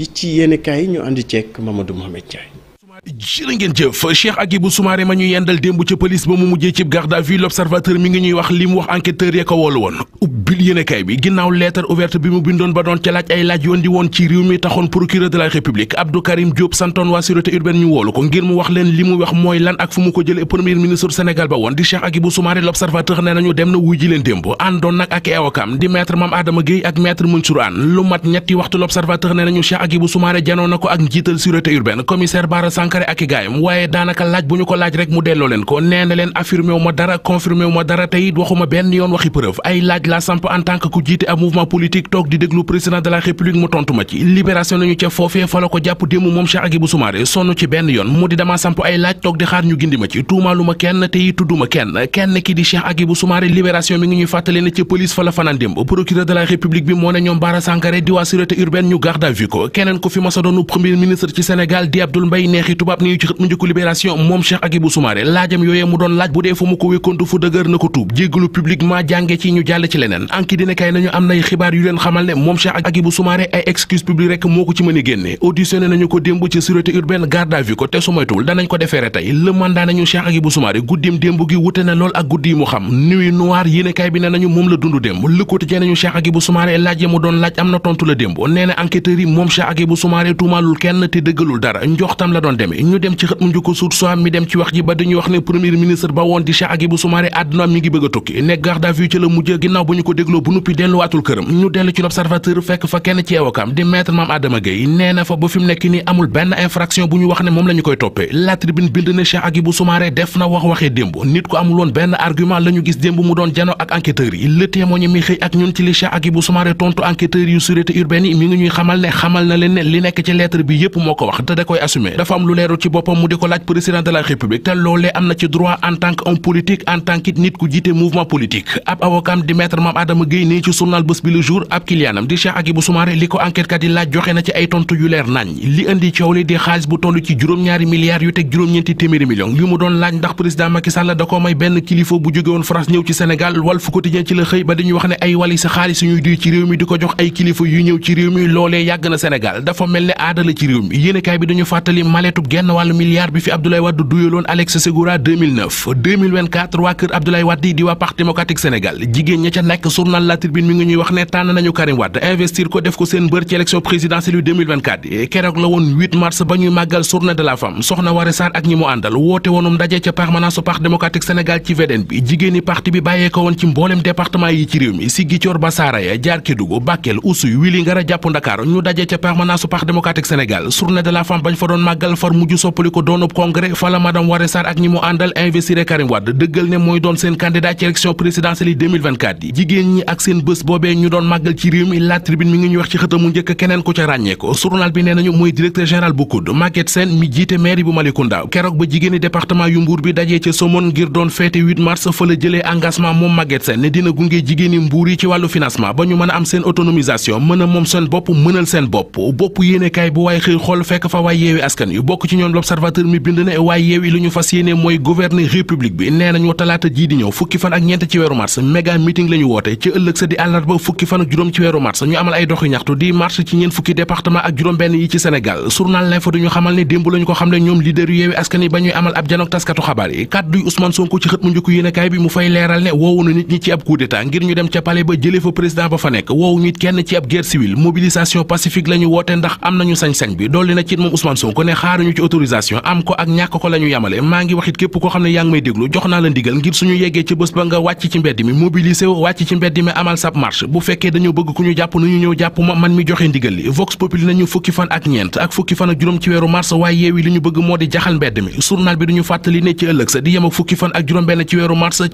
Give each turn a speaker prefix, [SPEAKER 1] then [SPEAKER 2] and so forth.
[SPEAKER 1] li ci yenn yi ñu àndi ceeg Mamadou Mohamed Ndiaye. jërë ngeen jëf Cheikh Agibou Soumaré ma ñu yendal démb ca police ba mu mujjee cib garde l'observateur mi ngi ñuy wax li mu wax enquêteur ya ko woolu woon ubbil yéenekaay bi ginnaaw lettre ouverte bi mu bindoon ba doon ca laaj ay laaj yoon di woon ci réew mi taxoon procureur de la république Abdou Karim Diop santoon waa sûreté urbaine ñu woolu ko ngir mu wax leen li mu wax mooy lan ak fu mu ko jëlee premier ministre Sénégal ba woon di Cheikh Agibou Sankare ak i waaye daanaka laaj bu ñu ko laaj rek mu delloo leen ko nee na leen affirmé wu ma dara confirmé wu ma dara te it waxuma benn yoon waxi preuve ay laaj la samp en tant que ku jiite ab mouvement politique toog di déglu président de république mu tontu ci libération nañu ca foofee fa la ko jàpp démb moom Cheikh Agibou Soumaré sonn ci benn yoon mu di dama samp ay laaj toog di xaar ñu gindi ma ci tuumaalu ma kenn te it tudduma kenn kenn ki di Cheikh Agibou Soumaré libération mi ngi ñuy fàttali ne ca police fa la fanaan démb tubaab ni ñu ci xët mu njëkku libération moom Cheikh Agibou bu dee fu mu ko wékkoontu fu dëgër na ko jàll ci leneen anki dina kay am moo ko ci mën a génne auditionné nañu ko démb ci sûreté urbaine garde à vue ko te su moytuwul danañ ko gi wute na lool ak guddi yi mu xam moom la dundu démb Le Quotidien nañu Cheikh Agibou Soumaré laaj ya mu doon laaj am na tontu la démb nee na enquêteurs yi moom Cheikh Agibou Soumaré tuumaalul kenn te dëggalul dara njoxtam la doon dem mi ñu dem ci xët mu njëkk suut soi mi dem ci wax ji ba dañuy wax ne premier ministre ba woon di Cheikh Hadjibou Soumaré àdduna mi ngi a tukki nekk garde à vue ci la mujj ginnaaw bu ñu ko dégloo bu nuppi delluwaatul këram ñu dellu ci l'observateur fekk fa kenn ci ewakam di maître Mame Adama Gueye nee na fa ba fi nekk ni amul benn infraction bu ñu wax ne moom la ñu koy toppee la tribune bind ne Cheikh Hadjibou Soumaré def na wax waxee démb nit ko amul woon benn argument la ñu gis démb mu doon jano ak enquêteurs yi le témoigne mi xëy ak ñun ci li Cheikh Hadjibou Soumaré tontu enquêteurs yu sûreté urbaine yi mi ngi ñuy li nekk ci lettre bi moo ko wax li indi coow li di xaalis bu toll ci juróom-ñaari milliards yu teg juróom-ñeenti téeméeri millions li mu doon laaj ndax président Macky Sall da ko may benn kilifa bu jóge woon France ñëw ci Sénégal Walf Quotidien ci la xëy ba dañuy wax ne ay wali sa xaalis ñuy duy ci réew mi di ko jox ay kilifa yu ñëw ci réew mi loolee yàgg na Sénégal dafa mel ne aada ci réew mi yéenekaay bi dañu fàttali maletu genn wàllu milliard bi fi Abdoulaye Wade duyaloon Alex Segura 2009 2024 waa kër Abdoulaye Wade di waa parti démocratique Sénégal jigéen ña ca nekk journal La Tribune mi ngi ñuy wax ne tànn nañu Karim Wade investir ko def ko seen mbër ci élection présidentielle yu eh, keroog la woon mars ba ñuy màggal journée de la soxna Waré Sarr ak ñi mu àndal woote woonum ndaje ca permanence su parti démocratique ci VDN bi jigéeni parti bi bàyyee ko woon ci mboolem département mujj soppali ko doonub congrès fala madame Waré Sarr ak ñi mu àndal investir Karim Wade dëggal ne mooy doon seen candidat ci élection présidentielle jigéen ñi ak seen bés boobee ñu doon màggal ci réew mi la tribune mi ngi ñu wax ci xëtamu njëkk keneen ku ca ràññee ko journal bi nee nañu mooy directeur général bu COUD Maguette Sène mi jiite mairie bu Malicounda keroog ba jigéeni département yu Mbour bi dajee ca Somone ngir doon feete 8 mars fa la jëlee engagement moom Maguette Sène ne dina gunge jigéeni Mbour yi ci wàllu ba ñu mën am seen autonomisation mën a moom seen bopp mënal seen bopp bopp yéene kaay bu waaye xëy fekk fa waay yeewi askan yu bokk ci ñoom l'observateur mi bind ne waaye yeewi li ñu fas yéene mooy gouverner république bi nee nañu talaata jii di ñëw fukki fan ak ñeent ci weeru mars méga meeting la ñu woote ci ëllëg sa di àllarba fukki fan ak juróom ci weeru mars ñu amal ay doxi ñaxtu di marche ci ñeen fukki département ak juróom benn yi ci Sénégal journal L'Info duñu xamal ne démb lañu ko xam ñoom leader yu yeewi askan ba ñuy amal ab janook taskatu xabaar yi kàdduy Ousmane Sonko ci autorisation am ko ak ñàkk ko la ñu yamale maa ngi waxit képp koo xam ne yaa ngi may déglu jox naa la ndigal ngir suñu yeggee ci bés ba nga wàcc ci mbedd mi mobilisé wàcc ci mbedd mi amal sab marche bu fekkee dañoo bëgg ku jàpp nu ñëw jàpp ma man mi joxe ndigal li vox populi nañu fukki fan ak ñeent ak fukki fan ak juróom ci weeru mars waaye yeewi li ñu bëgg moo di jaxal mbedd mi journal bi duñu fàttali ne ci ëllëg sa di yem ak fukki fan ak juróom benn ci weeru